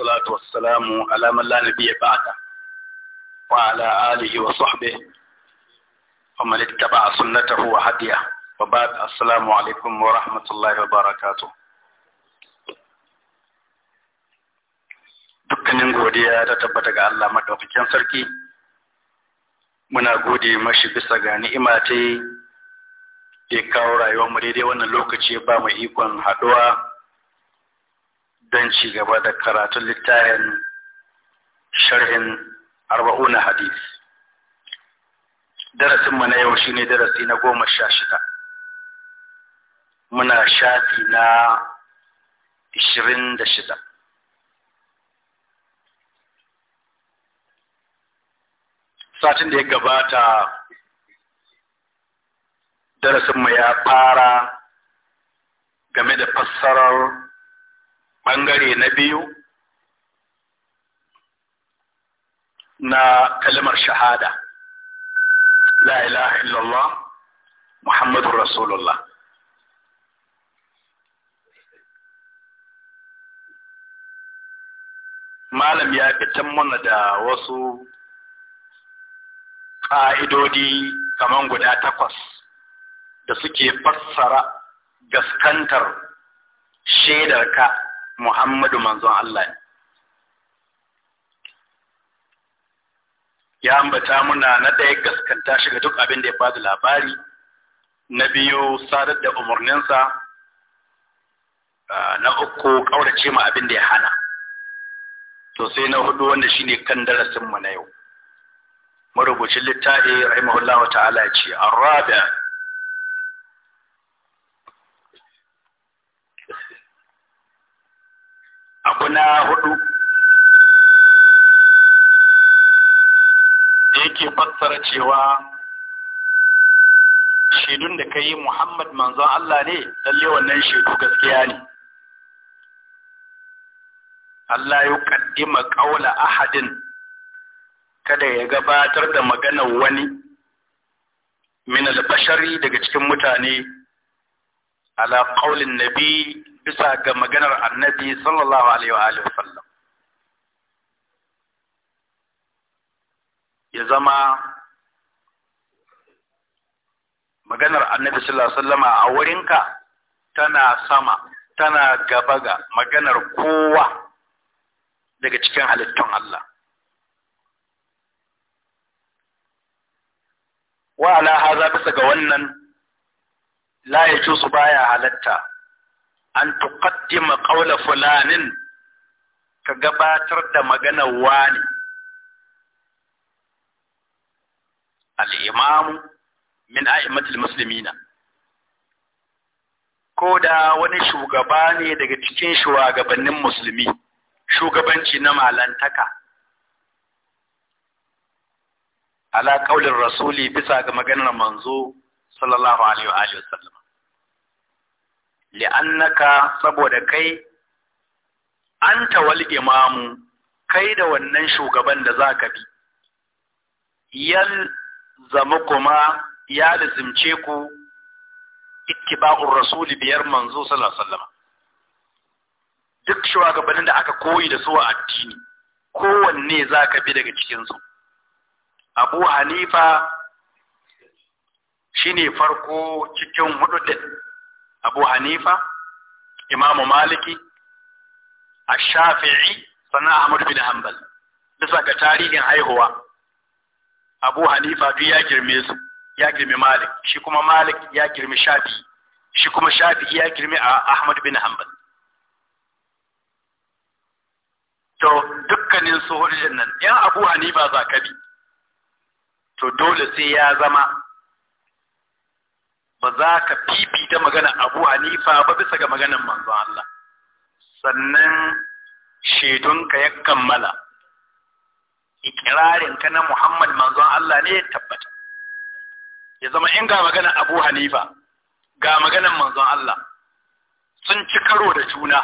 salatu wassalamu ala man la nabiyya ba'da wa ala alihi wa sahbihi wa man ittaba'a sunnatahu wa hadiya wa ba ba'd asalamu alaikum wa rahmatullahi wa barakatuh dukkanin godiya ta tabbata ga Allah madaukakin sarki muna gode mashi bisa ga ni'ima ta da kawo rayuwar mu daidai wannan lokaci ba mu ikon haduwa don ci gaba da karatun littafin sharhin arba'una hadis darasinmu na yau shine darasi na goma sha shida muna shafi na ishirin da shida satin da ya gabata darasinmu ya fara game da fassarar ɓangare na biyu na kalmar shahada la ilaha illallah Muhammadu rasulullah malam ya fitan mana da wasu ƙa'idodi kamar guda takwas da suke fassara gaskantar ka Muhammadu manzon Allah ne. Ya ambata muna na ɗaya gaskanta shiga duk abin da ya bada labari, na biyu sadar da umarninsa, ah, na uku ƙaurace ma abin da ya hana. To sai na hudu wanda shi ne kan darasinmu na yau. Marubucin littafi rahimahullahu ta'ala ce, "Arrabi'a na hudu da yake fassara cewa shaidun da ka yi Muhammad manzon Allah ne lalle wannan shaidu gaskiya ne Allah ya kaddima ƙaula ahadin kada ya gabatar da maganar wani min al-bashari daga cikin mutane ala qaulin nabi bisa ga maganar annabi sallallahu alaihi wa sallam ya zama maganar annabi sallallahu alaihi wasallama a wurinka tana sama tana gaba ga maganar kowa daga cikin halittun Allah wa ala haza bisa ga wannan la ya baya halatta an tuqaddima qawla fulanin ka gabatar da maganar wani al-imam min a'immatul muslimina ko da wani shugaba ne daga cikin shugabannin musulmi shugabanci na malantaka ala kaulin rasuli bisa ga maganar manzo sallallahu alaihi wa sallam li'annaka saboda kai anta wal imamu kai da wannan shugaban da za ka bi yal zama kuma ya lazimce ku ittiba'ur rasuli biyar manzo sallallahu alaihi wasallam duk shugabannin da aka koyi da su a addini kowanne za ka bi daga cikinsu abu hanifa shine farko cikin hudu abu hanifa imamu maliki ash-shafi'i sannan ahmad bin hanbal bisa ga tarihin haihuwa abu hanifa duk ya girme su ya girme malik shi kuma malik ya girme Shafi, shi kuma Shafi ya girme ahmad bin hanbal to dukkanin su hudun nan yan abu hanifa za ka bi to dole sai ya zama ba za ka fifita magana abu hanifa ba bisa ga maganan manzon Allah sannan shaidunka ya kammala ka na Muhammad manzon Allah ne ya tabbata ya zama in ga maganan abu hanifa ga maganan manzon Allah sun ci karo da juna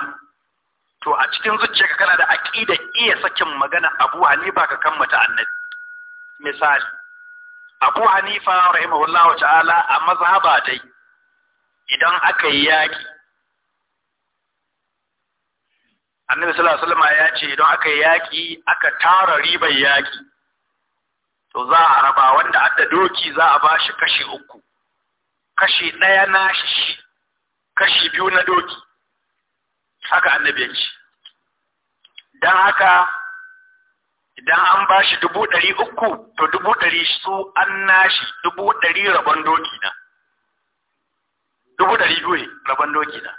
to a cikin zuciyarka kana da aqida iya sakin magana abu hanifa ka kammata annabi misali Abu Hanifa rahimahullahu ta'ala a mazhaba dai idan aka yi yaki Annabi sallallahu alaihi wasallam ya ce idan aka yi yaki aka tara ribar yaki to za a raba wanda adda doki za a bashi kashi uku kashi ɗaya na shi kashi biyu na doki haka annabi ya ce don haka idan an ba shi dubu ɗari uku to dubu ɗari su an nashi dubu ɗari rabon doki na dubu ɗari biyu rabon doki na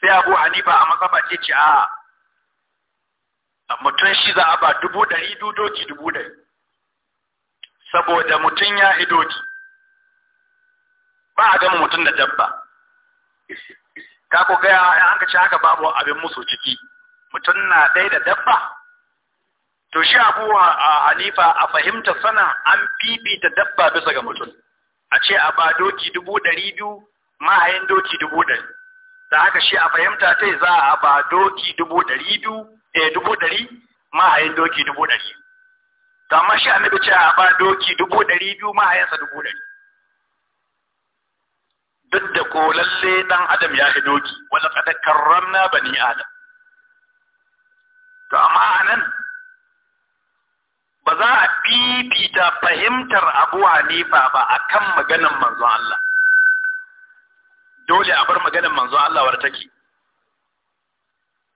sai abu hanifa a masa ce ce a mutum shi za a ba dubu ɗari du doki dubu ɗari saboda mutum ya yi doki ba a gama mutum da dabba ka ku gaya an ka ci haka babu abin musu ciki mutum na ɗaya da dabba to shi abu a hanifa a fahimta sana an fifita dabba bisa ga mutum a ce a ba doki dubu ɗari biyu mahayin doki dubu ɗari da haka shi a fahimta ta za a ba doki dubu ɗari biyu eh dubu ɗari mahayin doki dubu ɗari to amma shi annabi ce a ba doki dubu ɗari biyu mahayansa dubu ɗari duk da ko lalle dan adam ya doki wala qad karramna bani adam to amma anan ba za a fifita fahimtar abu hanifa ba a kan maganan manzon Allah dole a bar maganan manzon Allah wadda ke.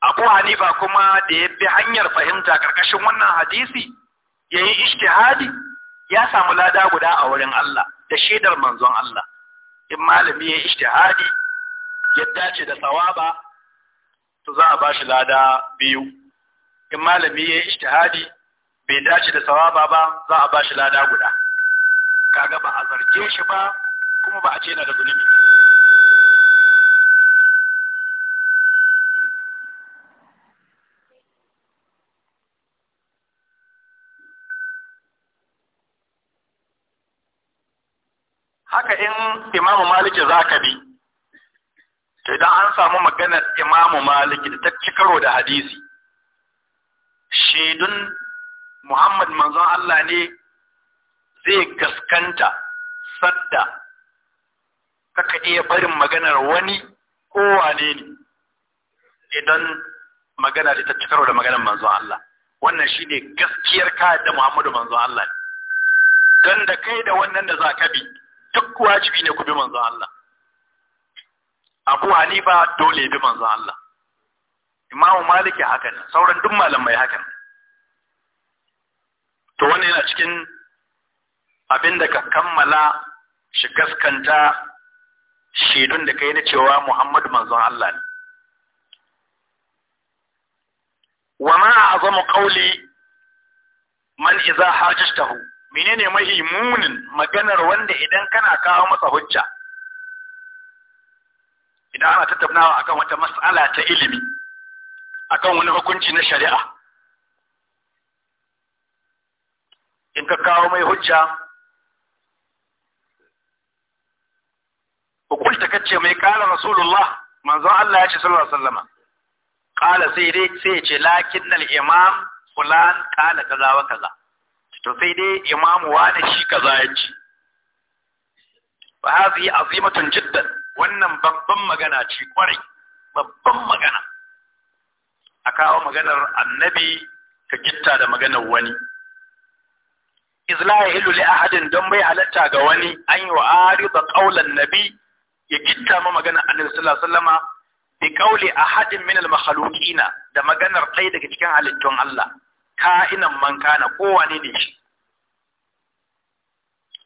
abu hanifa kuma da ya fi hanyar fahimta karkashin wannan hadisi ya yi ishtihadi ya samu lada guda a wurin Allah da shaidar manzon Allah in malami ya yi ishtihadi ya dace da tsawaba, to za a ba shi lada biyu in malami ya yi ishtihadi bai dace da sawaba ba za a bashi lada guda kaga ba a zarge shi ba kuma ba a ce na da zunubi haka in imamu maliki za ka bi to idan an samu maganar imamu maliki da ta cikaro karo da hadisi shaidun Muhammad manzon Allah ne zai gaskanta sadda kaka iya barin maganar wani ko wane ne idan magana da ta ci karo da maganar manzon Allah wannan shine gaskiyar ka da Muhammadu manzon Allah ne dan da kai da wannan da za ka bi duk wajibi ne ku bi manzon Allah Abu Hanifa dole bi manzon Allah Imam Maliki haka ne sauran duk malamai haka ne to wannan yana cikin abin da ka kammala shi gaskanta shaidun da kai na cewa Muhammadu manzon Allah ne wa ma azamu qawli man idza hajjatahu menene mahi maganar wanda idan kana kawo masa hujja idan ana tattaunawa akan wata mas'ala ta ilimi akan wani hukunci na shari'a in ka kawo mai hujja ka kace mai kala rasulullah manzon Allah ya ce sallallahu alaihi wasallam kala sai dai sai ya ce al imam fulan kala kaza wa kaza to sai dai imamu wani shi kaza ya ce fa hadhihi azimatun jiddan wannan babban magana ce kwarai babban magana a kawo maganar annabi ka gitta da maganar wani izla ya hilu li ahadin don bai halatta ga wani an yi wa arida qaulan nabi ya kitta ma magana annabi sallallahu alaihi wasallama bi qauli ahadin min al makhluqina da maganar ɗaya daga cikin halittun Allah ka'inan man kana kowane ne shi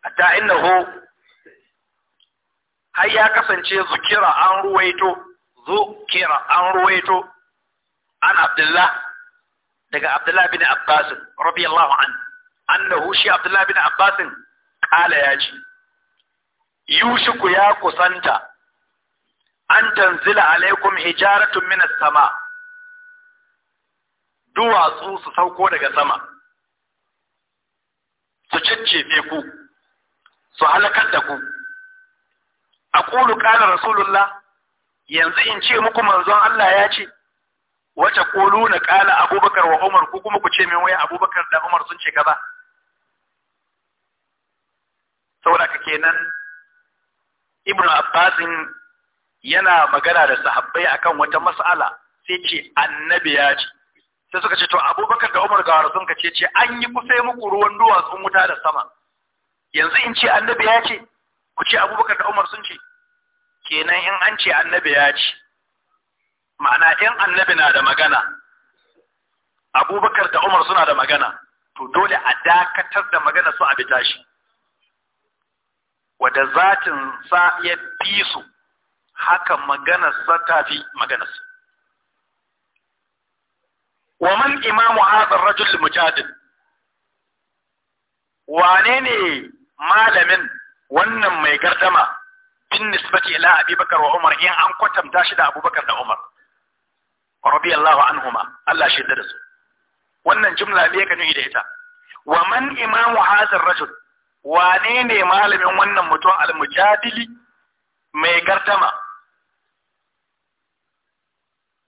hatta innahu har ya kasance zukira an ruwaito zukira an ruwaito an abdullah daga abdullah bin abbas radiyallahu anhu annahu shi Abdullah bin Abbas kala ya ce yushiku ya kusanta an tanzila alaikum hijaratun minas sama duwatsu su sauko daga sama su ciccefe ku su halakar da ku a ƙulu ƙalar rasulullah yanzu in ce muku manzon Allah ya ce wace ƙulu na abubakar wa umar ku kuma ku ce min waya abubakar da umar sun ce kaza saboda kenan ibn abbasin yana magana da sahabbai akan wata mas'ala sai ce annabi ya ce sai suka ce to abubakar da umar gawar sun ka ce an yi kusa muku ruwan sun wuta da sama yanzu in ce annabi ya ce ku ce abubakar da umar sun ce kenan in an ce annabi ya ce ma'ana in annabi na da magana abubakar da umar suna da magana to dole a dakatar da magana su a bi tashi. wadda zatin sa ya fi su haka maganarsa ta fi maganarsa wa man imamu hadar rajul mujadid wane ne malamin wannan mai gardama bin nisbati ila Bakar wa umar in an kwatanta shi da abubakar da umar radiyallahu anhuma Allah shi da su wannan jumla ne ka nuhi da ita wa man imamu hadar rajul wane ne malamin wannan mutum almujadili mai gardama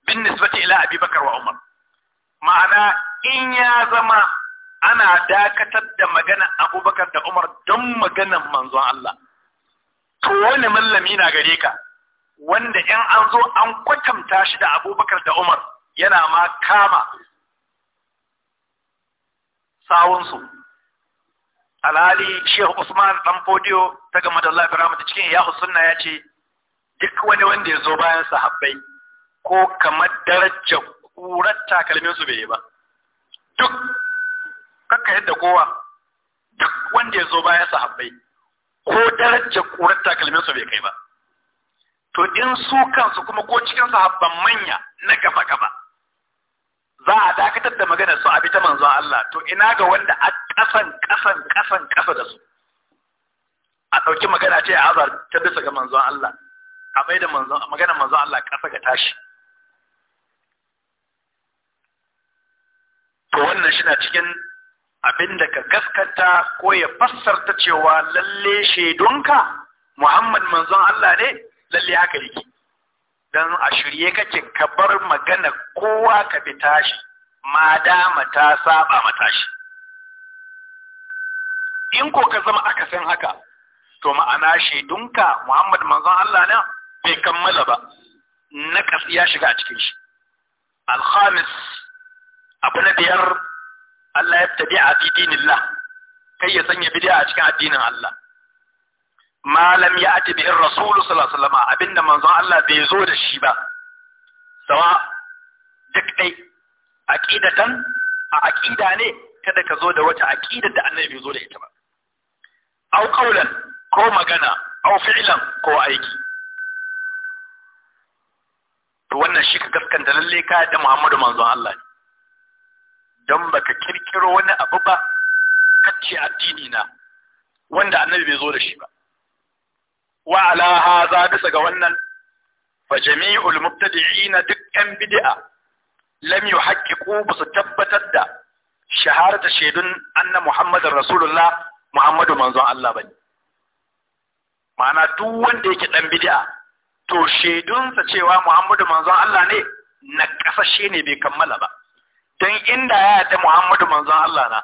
bin nisbati ila abi bakar wa umar ma'ana in ya zama ana dakatar da magana abubakar da umar don maganan manzon Allah to wani mallami na gare ka wanda in an zo an kwatanta shi da abubakar da umar yana ma kama sawunsu alhali shehu usman dan fodiyo ta gama da Allah da cikin yahu sunna ya ce duk wani wanda ya zo bayan sahabbai ko kamar daraja kurar takalmin su bai ba duk kakka yadda kowa duk wanda ya zo bayan sahabbai ko daraja kurar takalmin su bai kai ba to in su kansu kuma ko cikin sahabban manya na gaba gaba za a dakatar da maganar su a bi ta manzon Allah to ina ga wanda a kasan kasan kasan kasa da su a ɗauki magana ce a azar ta bisa ga manzon Allah a bai da manzon maganar manzon Allah kasa ga tashi to wannan shi na cikin abin da ka gaskata ko ya fassarta cewa lalle shaidunka Muhammad manzon Allah ne lalle haka yake don a shirye kake ka bar magana kowa ka bi tashi ma dama ta saba ma tashi in ko ka zama akasin haka to ma'ana dunka Muhammad manzon Allah na bai kammala ba naƙas ya shiga a cikin shi alhamis abu na biyar Allah ya tabi a fi dinillah kai ya sanya bid'a a cikin addinin Allah malam ya ati bihin rasulu sallallahu alaihi wasallam abinda manzon Allah bai zo da shi ba sawa duk dai aqidatan a aƙida ne kada ka zo da wata aqida da annabi bai zo da ita ba aw qawlan ko magana au fi'lan ko aiki to wannan shi ka gaskanta lalle ka da Muhammadu manzon Allah ne don ba ka kirkiro wani abu ba kace addini na wanda annabi bai zo da shi ba wa ala haza bisa ga wannan fa jami'ul mubtadi'ina duk yan bid'a lam yuhaqqiqu ba su tabbatar da shaharata shaidun anna muhammadar rasulullah muhammadu manzon Allah bane ma'ana duk wanda yake ɗan bid'a to shaidunsa cewa muhammadu manzon Allah ne na shi ne bai kammala ba don inda ya yarda muhammadu manzon Allah na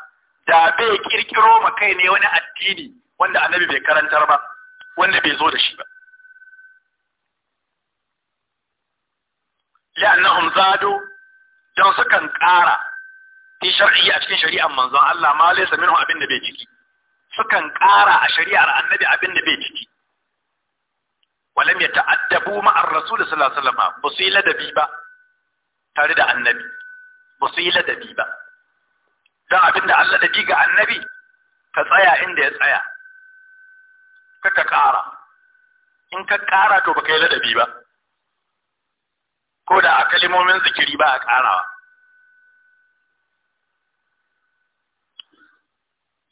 da bai kirkiro ma kai ne wani addini wanda annabi bai karantar ba wanda bai zo da shi ba li'annahum zado don sukan ƙara fi shar'i a cikin shari'ar manzon Allah ma laysa minhu abin da bai ciki sukan ƙara a shari'ar annabi abin da bai ciki walam yata'addabu ma ar-rasul sallallahu alaihi wasallam ba su yi ladabi ba tare da annabi ba su yi ladabi ba Don abin da Allah da ga annabi ka tsaya inda ya tsaya kaka ƙara in ka ƙara to baka yi ladabi ba ko da a kalimomin zikiri ba a ƙarawa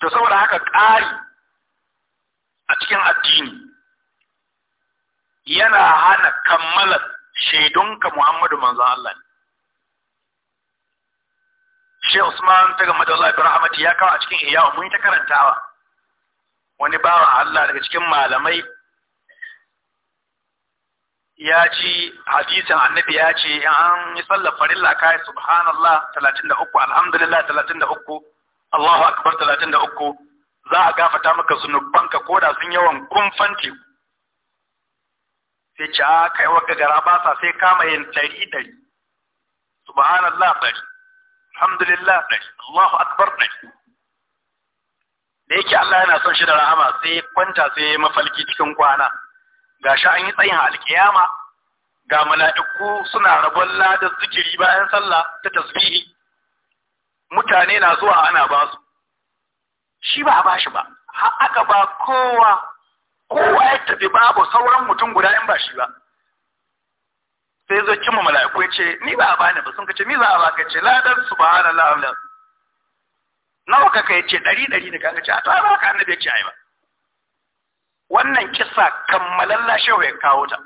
to saboda haka ƙari a cikin addini yana hana kammala shaidunka Muhammadu manzo Allah ne Usman ta gama da Allah ya kawo a cikin iyawa mun ta karantawa wani bawan Allah daga cikin malamai ya ci hadisin annabi ya ce in an yi sallar farilla kai subhanallah 33 alhamdulillah 33 Allahu akbar 33 za a gafata maka zunubanka da sun yawan kumfan teku sai ce a kai wa gara ba sa sai kama yin ɗari dari, subhanallah ɗari alhamdulillah ɗari Allahu akbar dari. da yake Allah yana son shi da rahama sai ya kwanta sai ya mafalki cikin kwana Ga shi an yi tsayin alkiyama ga mala'iku suna rabon ladar zikiri bayan sallah ta tasbihi mutane na zuwa ana ba su shi ba a ba shi ba har aka ba kowa kowa ya tafi babu sauran mutum guda in ba shi ba sai zo cimma mala'iku ya ce ni ba a bani ba sun kace ni za a ba ka ce ladar subhanallah nawa kaka ya ce ɗari ɗari ne kaka ce a to ba ka annabi ya ce ai ba wannan kisa kammalalla shehu ya kawo ta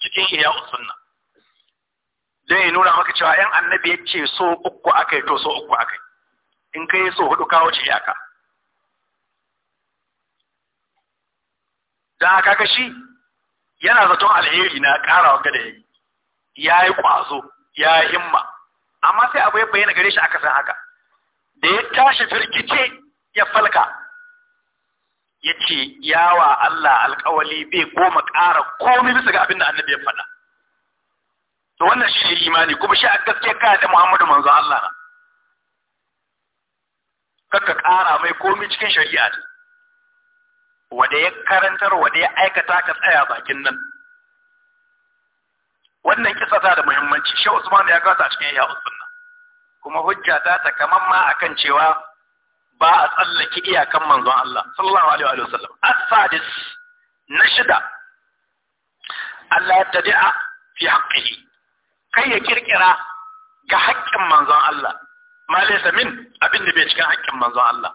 cikin iya sunna don ya nuna maka cewa yan annabi ya ce so uku akai to so uku akai in kai so hudu kawo ce ya ka? don haka ka shi yana zaton alheri na ƙara wa da ya yi ya yi ƙwazo ya yi himma amma sai abu ya bayyana gare shi aka san haka da ya tashi firgice ya falka ya ce yawa Allah alkawali bai goma ƙara komai bisa ga abin da annabi ya faɗa to wannan shi ne imani kuma shi a gaske ka da Muhammadu manzo Allah na Kaka ƙara mai komai cikin shari'a ne wanda ya karantar wanda ya aikata ka tsaya bakin nan wannan kisa ta da muhimmanci shi Usman ya kasa cikin ya Usman kuma hujja ta ta kaman ma akan cewa ba a tsallake iyakan manzon Allah sallallahu alaihi wa sallam as-sadis na shida Allah ya tadi'a fi haqqihi kai ya kirkira ga haƙƙin manzon Allah ma laysa min abin da bai cikin haƙƙin manzon Allah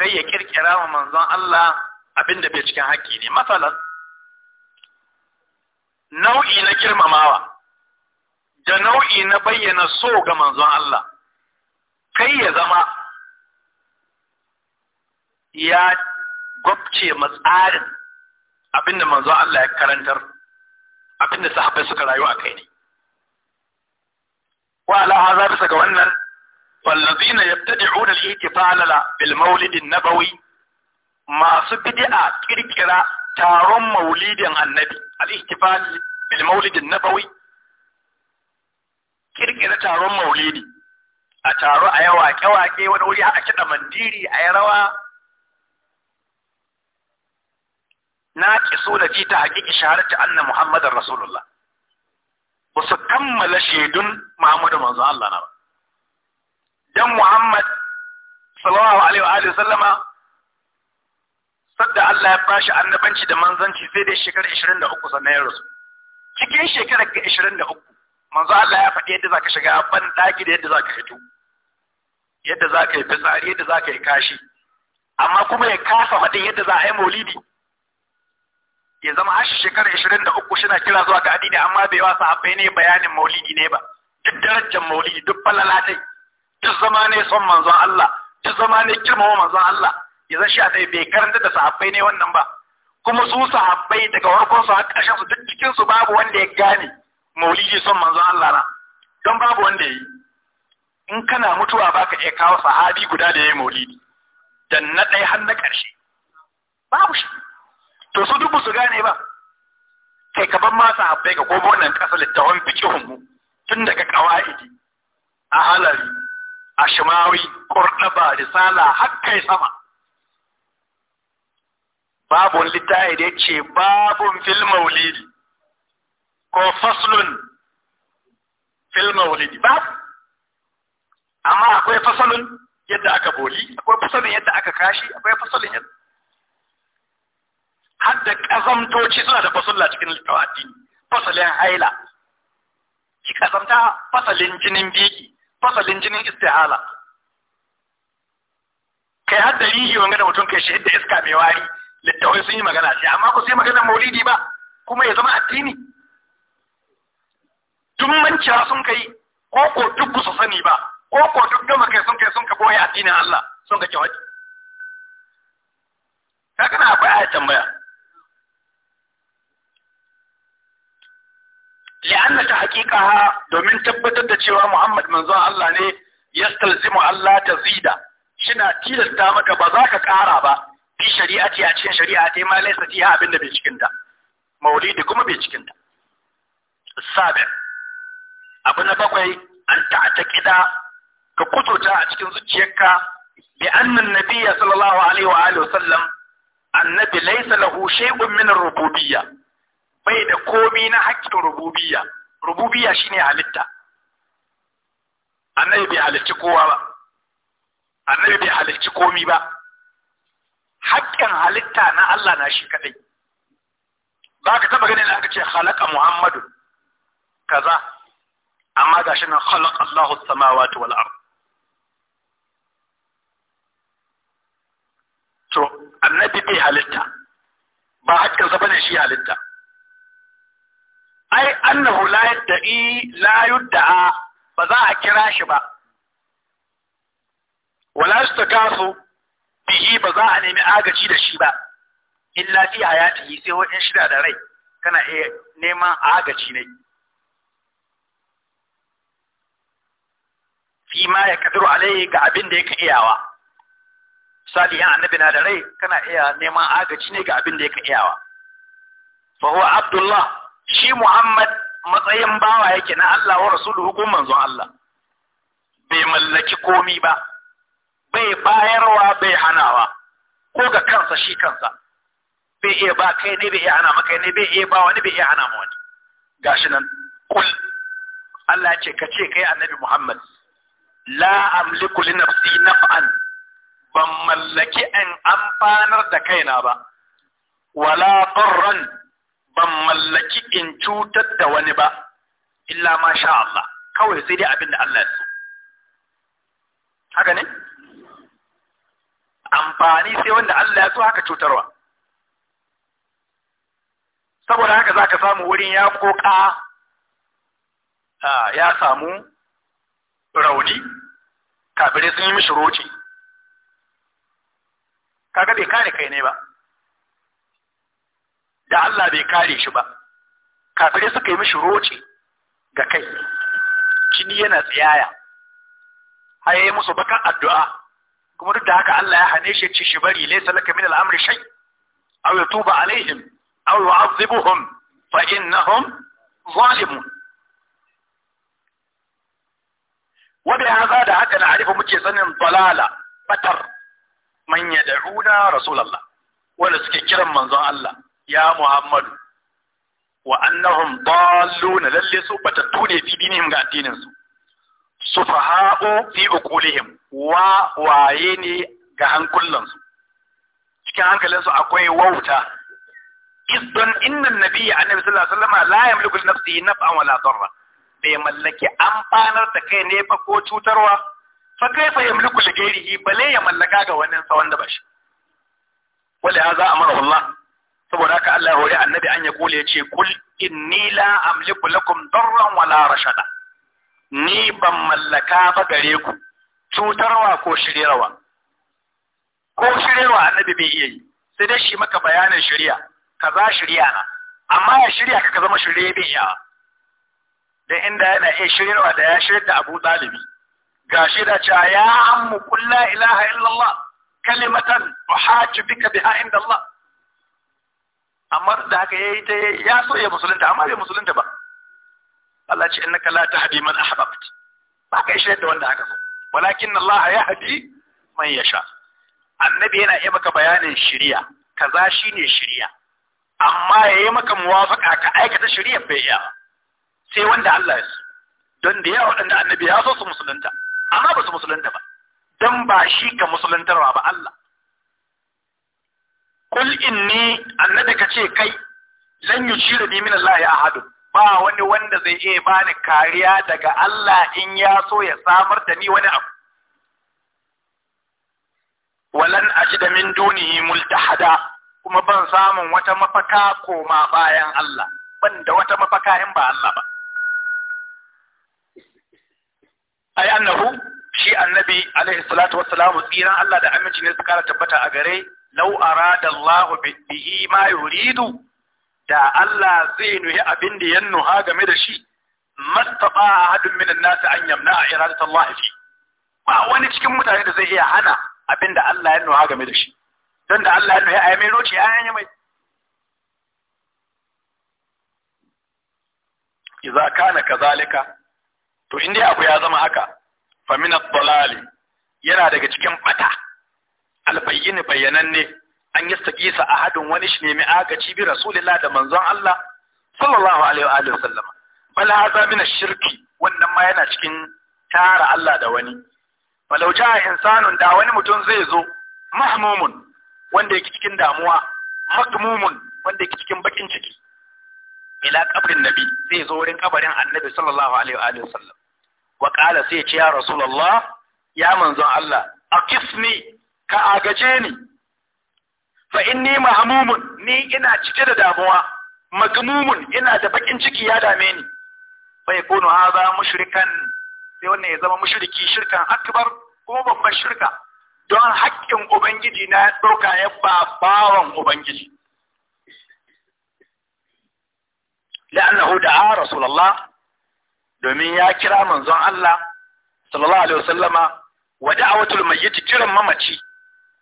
kai ya kirkira wa manzon Allah abin da bai cikin haƙƙi ne masalan nau'i na girmamawa da nau'i na bayyana so ga manzon Allah kai ya zama ya gwabce matsarin abinda manzon Allah ya karantar abinda sahabbai suka rayu a kai ne wa ala haza bisa ga wannan wallazina yabtadi'una al-ihtifala bil mawlid an-nabawi masu bid'a kirkira taron maulidin annabi al-ihtifal bil mawlid an-nabawi na taron maulidi a taro a yawa waƙe-waƙe wani wuri a kiɗa mandiri a yi rawa na so da ji ta haƙiƙi shahararci annan muhammadin rasulullah ba su kammala shaidun muhammadu manzo Allah na ba dan muhammad sallallahu alaihi wa alihi sallama sadda Allah ya bashi annabanci da manzanci sai dai shekara 23 sannan ya rasu cikin shekarar 23 manzo Allah ya faɗi yadda zaka shiga ban daki da yadda zaka fito yadda zaka yi fitsari yadda zaka yi kashi amma kuma ya kasa faɗin yadda za a yi maulidi ya zama har shekara da shi na kira zuwa ga addini amma bai wasa abai ne bayanin maulidi ne ba duk darajar maulidi duk falalatai duk zama ne son manzon Allah duk zama ne girmama manzon Allah ya zan shi a bai karanta da sahabbai ne wannan ba kuma su sahabbai daga warkon su har ƙarshen su duk cikin su babu wanda ya gane maulidi son manzon Allah na don babu wanda yi in kana mutuwa baka iya kawo sahabi guda da yayi maulidi dan na dai har na karshe babu shi to su duk su gane ba kai ka ban ma sahabbai ka gobo nan ƙasa littafin fikihun mu tun daga kawaidi a halari a shimawi kurdaba risala har kai sama babu littafi da ya ce babun fil maulidi ko في المولد maulidi ba amma akwai fasalin yadda aka boli akwai fasalin yadda aka kashi akwai fasalin yadda har da kazamtoci suna da fasulla cikin littafin addini fasalin haila ki kazamta fasalin jinin biki fasalin jinin istihala kai har da rihi wanga da mutum kai shi da iska mai wari littawai sun yi magana shi amma ku sai magana maulidi ba kuma ya zama addini duk manciya sun kai ko ko duk su sani ba ko ko duk gama kai sun kai sun ka boye addinin Allah sun ka kyawati kaga na akwai ayat tambaya li'anna ta haqiqaha domin tabbatar da cewa Muhammad manzon Allah ne yastalzimu Allah ta zida, shi na tilasta maka ba za ka ƙara ba fi ce a cikin shari'a ta ma laysa fiha abinda bai cikinta maulidi kuma bai cikinta sabi abu na bakwai an ta ta'taqida ka kuturta a cikin zuciyarka bi anna nabiyya sallallahu alaihi wa alihi wasallam annabi laysa lahu shay'un min ar-rububiyya bai da komi na haƙƙin rububiyya rububiyya shine halitta annabi bai halicci kowa ba annabi bai halicci komi ba haƙƙin halitta na Allah na shi kadai ba ka taba ganin aka ce halaka muhammadu kaza amma shi nan khalaqa Allahu samawati wal ard to annabi bai halitta ba haƙƙinsa ba ne shi halitta ai annahu la yadda'i la yudda'a ba za a kira shi ba wala shi ta kasu bihi ba za a nemi agaci da shi ba in illa fi hayatihi sai wajen shida da rai kana iya neman agaci ne fi ma ya kadiru alai ga abin da yake iyawa misali yan annabi na da rai kana iya neman agaci ne ga abin da yake iyawa fa huwa abdullah shi muhammad matsayin bawa yake na Allah wa rasuluhu ko manzon Allah bai mallaki komi ba bai bayarwa bai hanawa ko ga kansa shi kansa bai iya ba kai ne bai iya hana maka ne bai iya ba wani bai iya hana ma wani gashi nan kul Allah ce ka ce kai annabi Muhammad la amliku li nafsi naf'an ban mallaki an amfanar da kaina ba wala darran ban mallaki in cutar da wani ba illa ma sha Allah kawai sai dai abin da Allah ya so haka ne amfani sai wanda Allah ya so haka cutarwa saboda haka zaka samu wurin ya koka ah, ya samu rauni kafirai sun yi mishi roci kaga bai kare kai ne ba da Allah bai kare shi ba kafirai suka yi mishi roci ga kai jini yana tsiyaya har yi musu bakan addu'a kuma duk da haka Allah ya hane shi ci shi bari laysa laka min al shay aw yatuba alaihim aw yu'adhibuhum fa innahum zalimun وبهذا ده haka na'rifu muke sanin dalala batar man yad'una rasulullah wanda suke kiran manzon Allah ya Muhammadu wa annahum dalluna lalle su batattu ne fi dinihim ga addinin su sufaha'u fi uqulihim wa waye ne ga hankulansu cikin hankalinsu akwai wauta idan innan nabiyya annabi sallallahu alaihi wasallam la yamliku li nafsihi naf'an wala darra bai mallaki amfanar da kai ne ko cutarwa fa kaifa yamliku li ghairihi bale ya mallaka ga wannan sa wanda ba shi wala hadha amara Allah saboda haka Allah ya hore annabi an ya kula ya ce kul inni la amliku lakum darran wala rashada ni ban mallaka ba gare ku cutarwa ko shirewa ko shirewa annabi bai iya yi sai dai shi maka bayanin shari'a kaza shari'a na amma ya shirya ka zama shirye bai dan inda yana iya shirwa da ya shirya da Abu Dalibi shi da cewa ya ammu qul la ilaha illallah kalimatan uhajju bika biha inda Allah amma da haka yayi ta ya so ya musulunta amma bai musulunta ba Allah ce innaka la tahdi man ahbabt ba ka shirya da wanda haka so walakin Allah yahdi man yasha annabi yana iya maka bayanin shiriya kaza shine shiriya amma ya yi maka muwafaka ka aikata shiriyar bai iya sai wanda Allah ya so don da yawa waɗanda annabi ya so su musulunta amma ba su musulunta ba don ba shi ka musuluntarwa ba Allah kul inni annabi ka ce kai lan yushira bi min Allah ya ahadu ba wani wanda zai iya bani kariya daga Allah in ya so ya samar da ni wani abu walan ajida min dunihi multahada kuma ban samun wata mafaka koma bayan Allah ban da wata mafaka in ba Allah ba ai annahu shi annabi alaihi salatu wassalam tsiran Allah da aminci ne suka kara tabbata a gare law arada Allah bihi ma yuridu da Allah zai nuhi abin da ya nuha game da shi mastaba ahadun minan nas an yamna iradat Allah fi ba wani cikin mutane da zai iya hana abin da Allah ya nuha game da shi don da Allah ya nuhi a mai roci ayan yi mai idza kana kazalika to in dai abu ya zama haka fa min dalali yana daga cikin bata albayyin bayananne an a hadin wani shi nemi mai agaci bi rasulillah da manzon Allah sallallahu alaihi wa alihi wasallam Bala hadha min ash-shirki wannan ma yana cikin tara Allah da wani falau ja insanun da wani mutum zai zo mahmumun wanda yake cikin damuwa makmumun wanda yake cikin bakin ciki ila kabrin nabi zai zo wurin kabarin annabi sallallahu alaihi wa alihi wasallam wa qala sai ce ya Rasulallah, ya manzon Allah A akisni ka agace ni fa inni mahmumun ni ina cike da damuwa magmumun ina da bakin ciki ya dame ni fa yakunu hadha mushrikan sai wannan ya zama mushriki shirkan akbar kuma babban shirka don haƙƙin ubangiji na ɗauka ya ba bawan ubangiji la'annahu da'a domin ya kira manzon Allah sallallahu alaihi wasallama wa da'watul mayyit kiran mamaci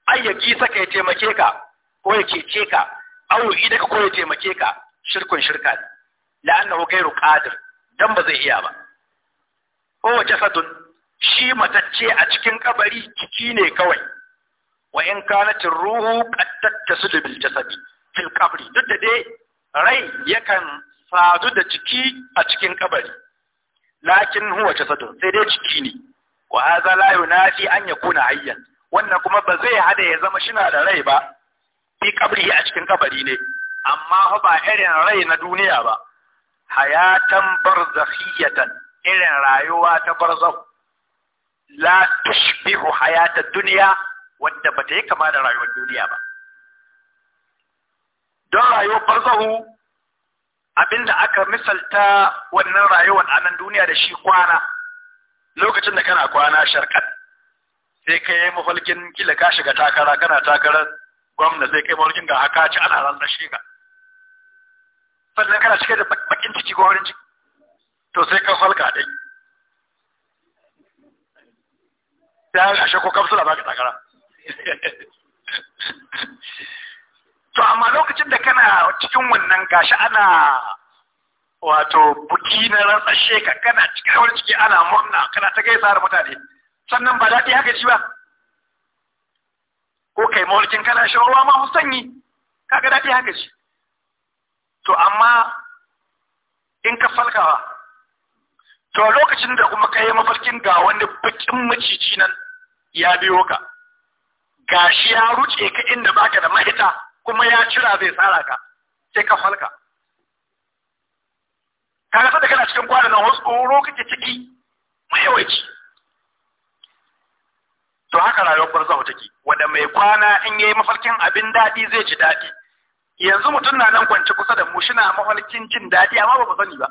ai ya saka ya taimake ka ko ya kece ka au idan ka ko ya taimake ka shirkun shirka ne la'annahu ghairu qadir dan ba zai iya ba ko wace sadun shi matacce a cikin kabari kiki ne kawai wa in kanat ruhu qad tattasilu bil jasadi fil qabri duk da dai rai yakan sadu da ciki a cikin kabari lakin huwa jasadun sai dai ciki ne wa hadha la yunafi an yakuna hayyan wannan kuma ba zai hada ya zama shina da rai ba fi kabri a cikin kabari ne amma ba irin rai na duniya ba hayatan barzakhiyatan irin rayuwa ta barzakh la tushbihu hayata dunya wanda ta yi kama da rayuwar duniya ba don rayuwar barzahu abinda aka misalta wannan rayuwar a nan duniya da shi kwana lokacin da kana kwana sharkat sai ka yi mafalkin kila ka shiga takara kana takarar gwamna sai kai mafalkin ga haka ci ana ran shi ka sannan kana cike da bakin ciki ko wurin ciki to sai ka falka dai sai a ko kafsula ba ka takara to amma lokacin da kana cikin wannan gashi ana wato buki na rantsashe ka kana cikin wani ciki ana murna kana ta gaisa da mutane sannan ba daɗi haka shi ba ko kai mawalkin kana shan ruwa ma sanyi kaga daɗi haka shi to amma in ka falkawa to lokacin da kuma ka yi mafarkin ga wani bakin maciji nan ya biyo ka gashi ya ruce ka inda baka da mahita kuma ya cira zai tsara ka sai ka falka ka rasa da kana cikin kwanan nan wasu tsoro kake ciki mayawaci to haka rayuwar barzahu take wanda mai kwana in yayi mafarkin abin daɗi zai ji daɗi yanzu mutum na nan kwance kusa da mu shina mafarkin jin daɗi amma ba mu sani ba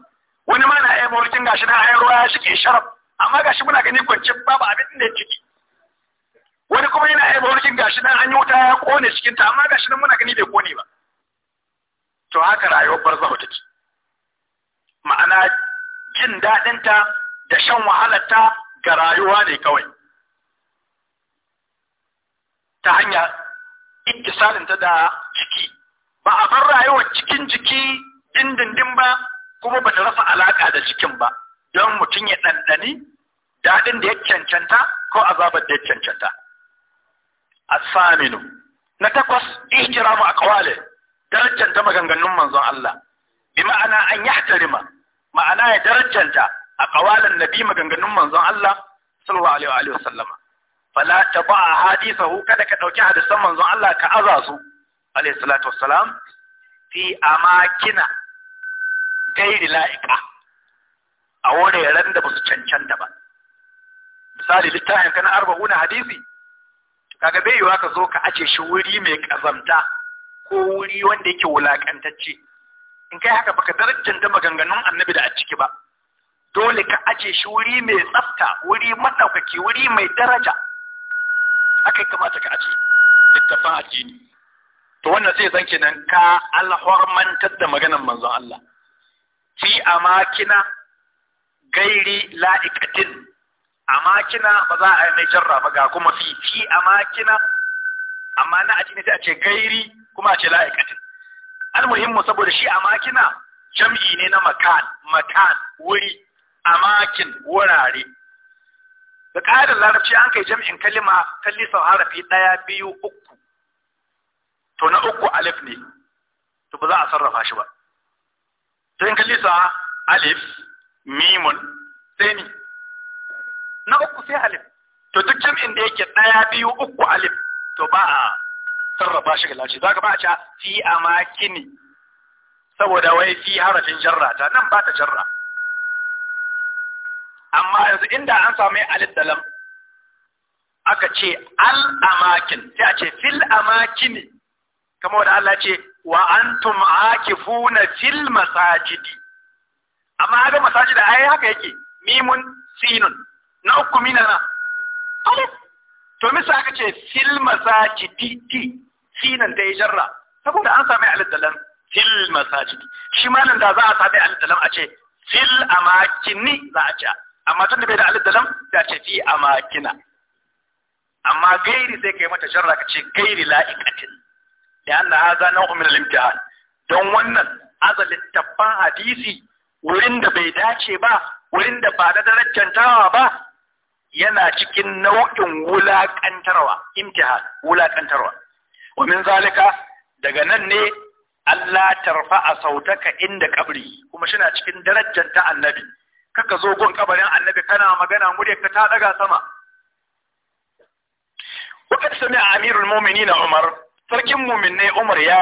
wani ma na yi mafarkin gashi na ayan ruwa ya shike sharaf amma gashi muna gani kwance babu abin da ya ciki wani kuma yana aiba wani gashi nan an yi wuta ya kone cikin ta amma gashi nan muna gani bai kone ba to haka rayuwar barza ta ce, ma'ana jin daɗin ta da shan wahalar ta ga rayuwa ne kawai ta hanya ikisalin ta da jiki ba a bar rayuwar cikin jiki dindindin ba kuma ba ta rasa alaka da cikin ba don mutum ya ɗanɗani daɗin da ya cancanta ko azabar da ya cancanta asaminu na takwas ihkiramu aqwali darajanta maganganun manzon Allah bi ma'ana an yahtarima ma'ana ya darajanta aqwalan nabi maganganun manzon Allah sallallahu alaihi wa alihi wasallama fala taba'a hadithahu kada ka dauki hadisan manzon Allah ka azazu alaihi salatu wassalam fi amakina gairi la'iqa a wuraren da ba su cancanta ba misali littafin kana arba'una hadisi kaga bai yiwa ka zo ka ace shi wuri mai kazamta ko wuri wanda yake wulakantacce in kai haka baka darajanta maganganun annabi da a ciki ba dole ka aje shi wuri mai tsafta wuri maɗaukaki wuri mai daraja haka kamata ka ace littafin addini to wannan zai zan kenan ka alhormantar da maganar manzon Allah fi amakina gairi la'ikatin A makina ba za a yi mai jarra ba ga kuma fi fi a makina, amma na aji ne sai a ce gairi kuma a ce la'ikatin almuhimmu saboda shi a makina jam'i ne na makan makan wuri makin wurare da ƙa'idar larabci an kai jam'in kalima kalli sau harafi ɗaya biyu uku to na uku alif ne to ba za a sarrafa shi ba sai kalli sau alif mimun sai ni na uku sai alif to duk jam'in da yake ɗaya biyu uku alif to ba a sarrafa shi ga lashi zaka ba a ca fi amakini saboda wai fi harafin jarra ta nan ba ta jarra amma yanzu inda an samu alif da lam aka ce al amakin sai a ce fil amakini kamar wanda Allah ce wa antum akifuna fil masajidi amma ga masajida ai haka yake mimun sinun na uku mina na alif to misa aka ce fil masajidi ti sinan ta yi jarra saboda an sami alidalan fil masajidi shi ma nan da za a sami alidalan a ce fil amakini za a ce amma tun da bai da alidalan da ce fi amakina amma gairi sai kai mata jarra ka ce gairi la'iqatin da anna hadha nau'un min al-imtihan don wannan azalin tabban hadisi wurin da bai dace ba wurin da ba na darajantawa ba yana cikin nau'in wulaƙantarwa imtihan wulaƙantarwa wa min daga nan ne Allah tarfa a sautaka inda kabri kuma na cikin darajar ta annabi kaka zo gon kabarin annabi kana magana murya ka ta daga sama wakar sami amirul mu'minin Umar sarkin mu'min ne Umar ya